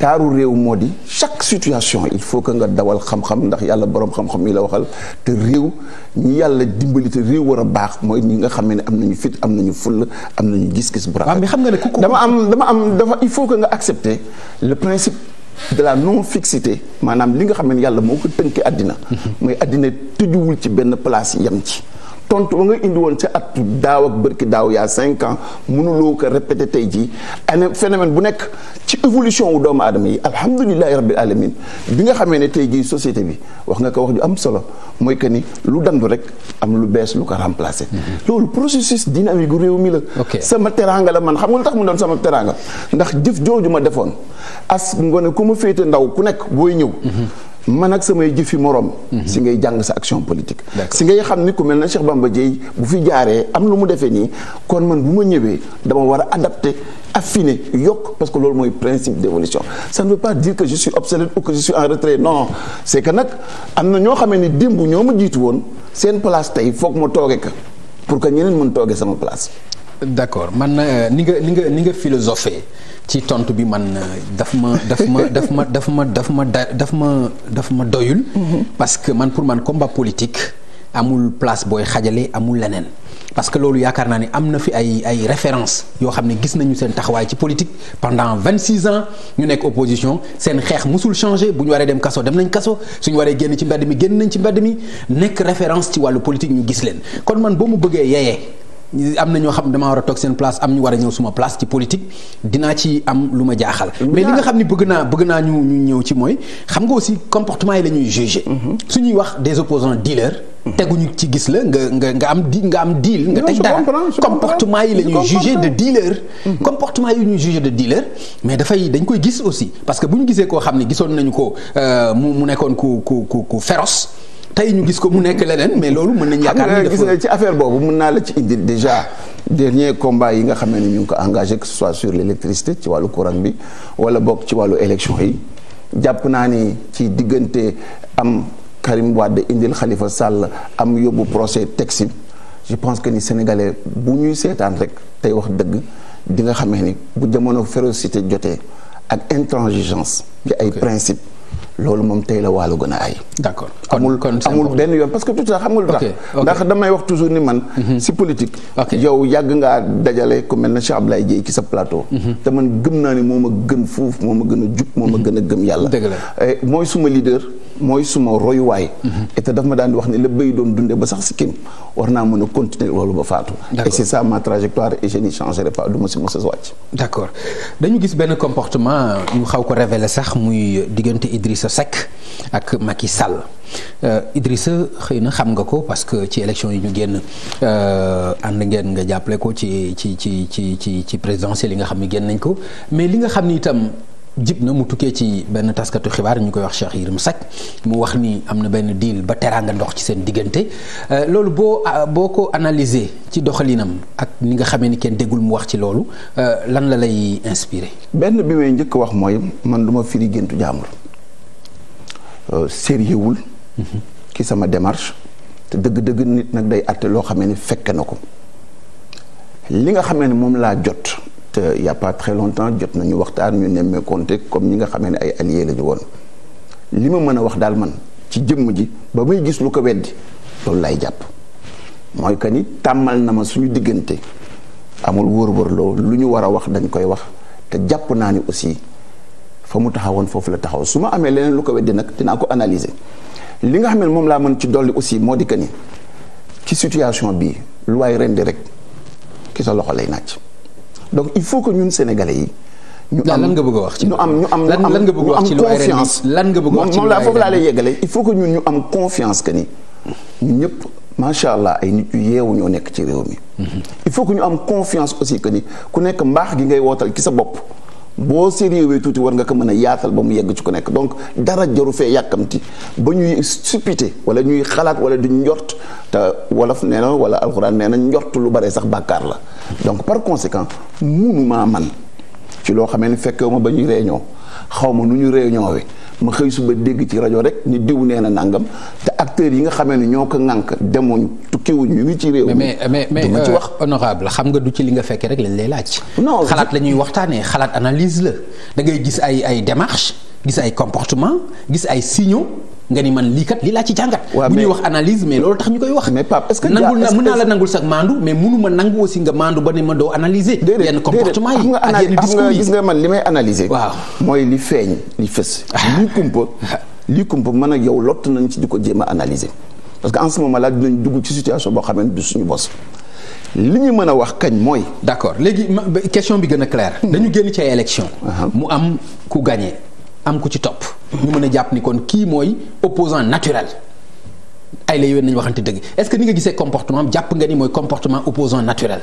taaru réew moo di chaque situation il faut que nga dawal xam-xam ndax yàlla boroom xam-xam yi la waxal te réew ñi yàlla dimbali te réew war a baax mooy ñi nga xam ne am nañu fit am nañu full am na ñu gis-gis bu rafet. xam nga ne dama am dama am dafa il faut que nga accepter le principe de la non fixité maanaam li nga xam ne yàlla moo ko tënkee àddina mm-hmm. mooy àddina tëjuwul ci benn place yam ci. tontu ba nga indi woon ca at daaw ak bërki daaw yaa cinq an ans mënuloo ko répété tey jii année phénomène bu nekk ci évolution wu doomu adama yi alhamdulilahi rabbil alamin bi nga xamee ne tey jii société bi wax nga ko wax ju am solo mooy que ni lu dandu rek am lu bees lu ko remplacé mm-hmm. loolu processus dynamique gu réew mi la sama teraanga la man xam nga lu tax mu doon sama teraanga ndax jëf jooju ma defoon as ngone ku ma féete ndaw ku nekk booy ñëw mm-hmm. man ak samay jëfi morom. Mhm. si ngay jàng sa action politique. si ngay xam ni ku mel na Cheikh Bamba Dièye bu fi jaaree am lu mu defee nii kon man bu ma ñëwee dama war a adapté affiné yokk parce que loolu mooy principe d'évolution sa ne veut pas dire que je suis obsolète ou que je suis en retrait non c'est que nag am na ñoo xamee ni démb ñoo ma jiitu woon seen place tey foog ma toogee ka pour que ñeneen mën toogee sama place. d'accord man na euh, ni nga ni nga ni nga philosophé ci tontu bi man euh, daf ma daf ma daf ma daf ma daf ma daf ma daf ma doyul. Mhm. parce que man pour man combat politique amul place booy xajalee amul leneen. parce que loolu yaakaar naa ni am na fi ay ay références yoo xam ne gis nañu seen taxawaay ci politique pendant vingt six ans ñu nekk opposition seen xeex musul changé bu ñu waree dem kaso dem nañ kaso suñu waree génn ci mbedd mi génn nañ ci mbedd mi nekk référence ci wàllu politique ñu gis leen kon man boo mu bëggee yeyee am na ñoo xam damaa war a toog place am ñu war a ñëw suma place ci politique dinaa ci am lu ma jaaxal. mais li nga xam ni bëgg naa bëgg naa ñu ñu ñëw ci mooy xam nga aussi comportement yi la ñuy jugé. Mhm. su ñuy wax des opposants dealers. Mhm. teguñu ci gis la nga nga nga am di nga am deal nga teg mhm. yi la ñuy jugé de dealer. comportement yi ñuy jugé de dealer mais dafay dañ koy gis aussi parce que bu ñu gisee koo xam ne gisoon nañu ko euh, mu nekkoon ku ku ku ku féroce. tey ñu gis ko mu nekk leneen mais loolu mën nañu yaakaar ni gis nga ci affaire boobu mën naa la ci indi déjà dernier combat yi nga xam ne ñu ngi ko engagé que ce soit sur l'électricité ci wàllu courant bi wala bokk ci wàllu élection yi jàpp naa ni ci diggante am Karim Wade indil xalifa Sall am yóbbu procès texte je pense que ni sénégalais bu ñuy seetaan rek tey wax dëgg di nga xamee ni bu jamono férocité jotee ak intransigeance ci ay principe loolu moom tey la waalo gën a ay. d'accord amul kon amul benn yoon parce que tout ça xam nga lu tax. ndax damay wax toujours ni man. Mhm. si politique. yow yàgg ngaa dajale ku mel ne Cheikh Abdoulaye Dièye ci sa plateau. Mhm. te man gëm naa ne moo ma gën foofu moo ma gën a jub moo ma mhm. gën a gëm yàlla. Eh, mooy suma leader. mooy suma royuwaay. et dafa ma daan wax ne la bay doon dundee ba sax si kim war naa mën a continuer loolu ba faatu. et c'est ça ma trajectoire et je n'y pas du ma si mos a wàcc. d'accord xaw ko révéler sax muy diggante Idrissa Idrissa ak Macky Sall euh, Idrissa xëy na xam nga ko parce que ci élection yi ñu génn euh, ànd ngeen nga jàppale ko ci ci ci ci ci ci présidentielle yi nga xam ne génn nañ ko mais li nga xam ni itam jib na mu tukkee ci benn taskatu xibaar yi ñu koy wax Cheikh Yérim Seck mu wax ni am na benn deal ba teraanga ndox ci seen diggante euh, loolu boo boo ko analyser ci doxalinam ak ni nga xamee ni kenn déggul mu wax ci loolu lan la lay inspiré. benn bi njëkk wax mooy man du ma firi géntu jàmbur. Euh, sérieux wul mhm. ci sama démarche te dëgg-dëgg nit nag day àtte loo xamee ni fekke na ko li nga xamee ne moom laa jot te y a pas très longtemps jot nañu waxtaan ñu nemmee compté comme ñi nga xamee ne ay alliés la ñu woon li ma mën a wax daal man ci jëmm ji ba may gis lu ko weddi loolu lay jàpp mooy que nit tàmmal na ma suñu diggante amul wóor-wóorloo lu ñu war a wax dañ koy wax te jàpp naa ni aussi fa mu taxawoon foofu la taxaw su ma amee leneen lu ko weddi nag dinaa ko analyser li nga xam ne moom laa mën ci dolli aussi moo di que ni ci situation bi lu waay rendi rek ki sa loxo lay naaj donc il faut que ñun sénégalais yi. ñu am lan nga bëgg wax ci ñu am ñu am lan nga bëgg wax ci confiance lan nga bëgg a wax ci moom laa foofu laa lay que ñun ñu am confiance que ni ñëpp macha allah ay nit yu yeewu ñoo nekk ci réew mi. Mhm. il faut que ñu am confiance aussi que ni ku nekk mbaax gi ngay wootal ki sa bopp. boo sérieux tuuti war nga ko mën a yaatal ba mu yegg ci ko nekk donc dara jaru fee yàkkamti ba ñuy suppité wala ñuy xalaat wala du njort te wolof nee na wala alxuraan nee na njort lu bare sax bàkkaar la donc par conséquent munumaa man ci loo xamee ne fekkewu ma ba ñuy réunion xaw ma nu ñu réunion wi ma xëy suba dégg ci rajo rek ñu diw nee na nangam te acteurs yi nga xamee ne ñoo ko ŋànk demuñ tukkiwuñ ñu ngi ci réew mi. mais mais mais ci euh, wax honorable xam nga du ci li nga fekkee rek lañ lay laaj. ci xalaat la ñuy waxtaanee xalaat analyse la dangay gis ay ay démarches gis ay comportement gis ay signaux. nga ni man lii kat lii laa ci jàngat. waaw bu ñuy wax analyse mais loolu tax ñu koy wax. mais Pape est-ce que nangul na mën naa la nangul sax maandu mais mënu ma nangu aussi nga maandu ba ne ma doo analyser. déedéet yenn comportement yi ak yenn discours yi gis nga man li may analyser. waaw mooy li feeñ li fës. Ah. lii kumpa lii kumpa man ak yow lott nañ ci di ko jéem a analyser parce que en ce moment là dinañ dugg ci situation boo xam ne du suñu bos. li ñu mën a wax kañ mooy. d'accord léegi question bi gën a claire. Hmm. dañu génn ci ay élection uh-huh. mu am ku gagné am ku ci topp. ñu mën a jàpp ni kon kii mooy opposant naturel ay la yoon nañu waxante dëgg est-ce que ni nga gisee comportement jàpp nga ni mooy comportement opposant naturel.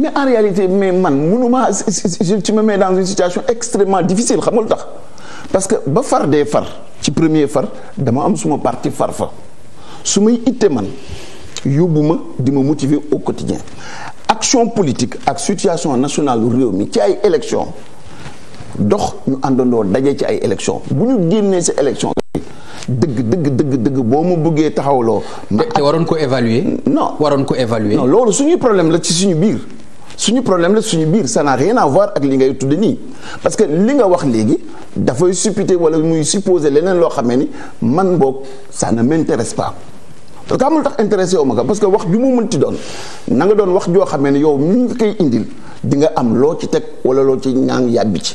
mais en réalité mais man mënuma ci ma mais dans une situation extrêmement difficile xam nga tax parce que ba far dee far ci premier far dama am suma parti far fa su may itte man yóbbu ma di ma motiver au quotidien action politique ak situation nationale réew mi ci ay élection dox ñu àndandoo daje ci ay élection bu ñu génnee si élection dëgg dëgg dëgg dëgg boo mu buggee taxawloo. ma waroon ko évaluer. non waroon ko évaluer. loolu suñuy problème la ci suñu biir suñu problème la suñu biir ça n'a rien ak li ngay tudd nii parce que li nga wax léegi dafay supputer wala muy supposer leneen loo xamee ni man boog ça ne m'intéresse pas. parce que amul tax intéressé wu ma ko parce que wax ju mu mënti doon na nga doon wax joo xamee ne yow mi ngi koy indil. di nga am loo ci teg wala loo ci ñaan yàbbi ci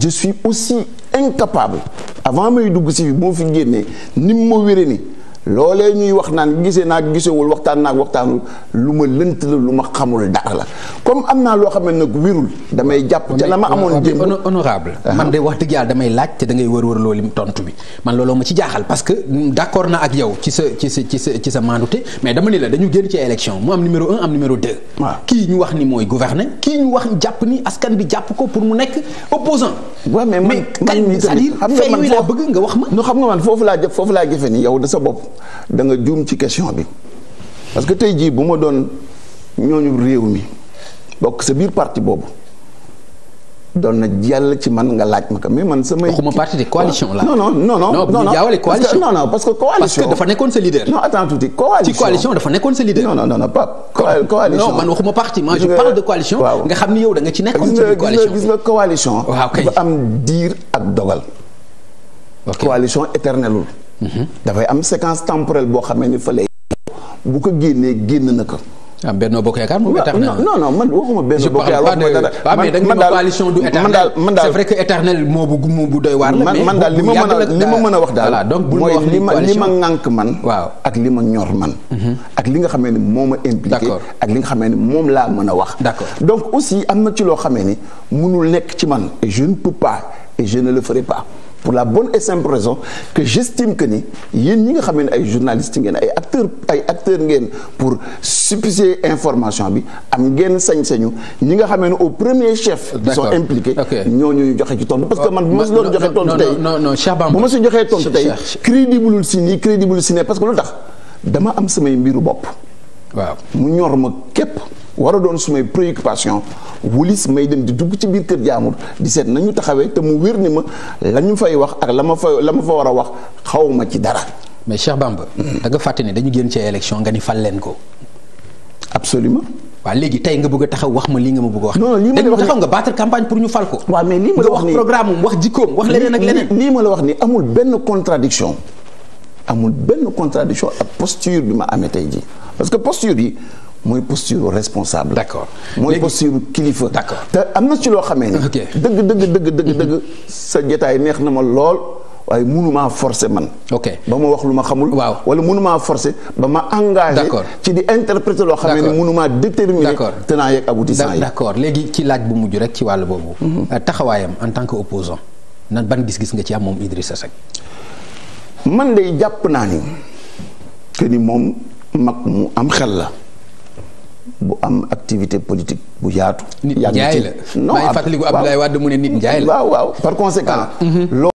je suis aussi incapable avant may dugg si bi moo fi génnee ni mu ma wéree ni loole ñuy wax naan gisee naag gisewul waxtaan naag waxtaanul lu ma lënt la lu ma xamul dara la comme am naa loo xam ne nag wirul damay jàpp ca la ma amoon jéem honorable man de wax dëgg yàlla damay laaj te da ngay wër wër loolu tontu bi man looloo ma ci jaaxal parce que d'accord na ak yow ci sa ci sa ci sa ci sa mandute mais dama ni la dañu génn ci élection mu am numéro un am numéro deux kii ñu wax ni mooy gouverner kii ñu wax jàpp ni askan bi jàpp ko pour mu nekk opposant waaw mais man man mii tamit xam nga man foo bëgg nga wax ma. nu xam man foofu laa jëf foofu laa jëfe ni yow da sa bopp da nga juum ci question bi parce que tey jii bu ma doon ñooñu réew mi bokk sa biir parti boobu. doon na jàll ci man nga laaj ma ko mais man samay. waxuma parti de coalition la. non non non non non non jaawale coalition non non parce que coalition parce que dafa nekkoon sa leader. non attends tuuti coalition ci coalition dafa nekkoon sa leader. non non non non pas coalition. non man waxuma parti moi je parle de coalition. nga xam ni yow da nga ci nekkoon ci biir coalition gis nga coalition. waaw kay dafa am diir ak dogal. coalition éternelul. Mhm. dafay am séquence temporelle boo xamee ni fa lay. bu ko génnee génn na ko. ah Benno Bokk Yaakaar moom éternel. non non man waxuma Benno Bokk Yaakaar man daal li ma mën a li ma a wax daal. voilà donc bu ñu wax li ma li ma ŋànk man. ak li ma ñor man. Mhm. ak li nga xamee ni moo ma impliqué. ak li nga xamee ni moom laa mën a wax. d'accord donc aussi am na ci loo xamee ni mënul nekk ci man. et je ne peux pas et je le ferai pas. pour la bonne et simple raison que j'estime que ni yéen ñi nga xam ne ay journalistes ngeen ay acteurs ay acteurs ngeen pour suppuser information bi am ngeen sañ-sañu ñi nga xam ne au premier chef. ils sont impliqués. ñooñu joxe ci tontu parce que man bu ma si doon joxee tontu tey non non bu ma si joxee tontu tey crédible si nii crédible si ne parce que lu tax dama am samay mbiru bopp. waaw mu ñor ma képp. war a doon sumay préoccupation wulis may dem di dugg ci biir kër jaamur di seet nañu taxawee te mu wér ni ma la ñu fay wax ak la ma fa la ma fa war a wax ma ci dara mais Cheikh Bamba da nga fàtte ni dañu génn ci élection nga ni fal leen ko absolument waa léegi tey nga bëgg taxaw wax ma lii nga ma bëgg wax. non lii ma la wax taxaw nga battre campagne pour ñu fal ko. waaw mais lii ma la wax nii nga wax programme am wax jikkoom wax leneen ak leneen. lii ma la wax nii amul benn contradiction amul benn contradiction ak posture bi ma amee tey jii parce que posture yi mooy posture responsable. d'accord mooy posture kilifa. d'accord te am na ci loo xamee ni. dëgg dëgg dëgg dëgg sa jotaay neex na ma lool. waaye mënumaa forcer man. ok ba ma wax lu ma xamul. waaw wala mënumaa forcer ba ma engagé. ci di interpréter loo xam ne mënumaa déterminer. tenant yeeg aboutissant yi. d'accord léegi ci laaj bu mujj rek ci wàll boobu. Mhm. Euh, taxawaayam en tant que opposant nan ban gis-gis nga ci am moom Idrissa Seck. man de jàpp naa ni que ni moom mag mu am xel la. bu am activité politique bu yaatu. nit njaay la. non maa ngi fàttaliku Abdoulaye Wade mu ne nit njaay la. waaw waaw par conséquent. Ah. Mhm.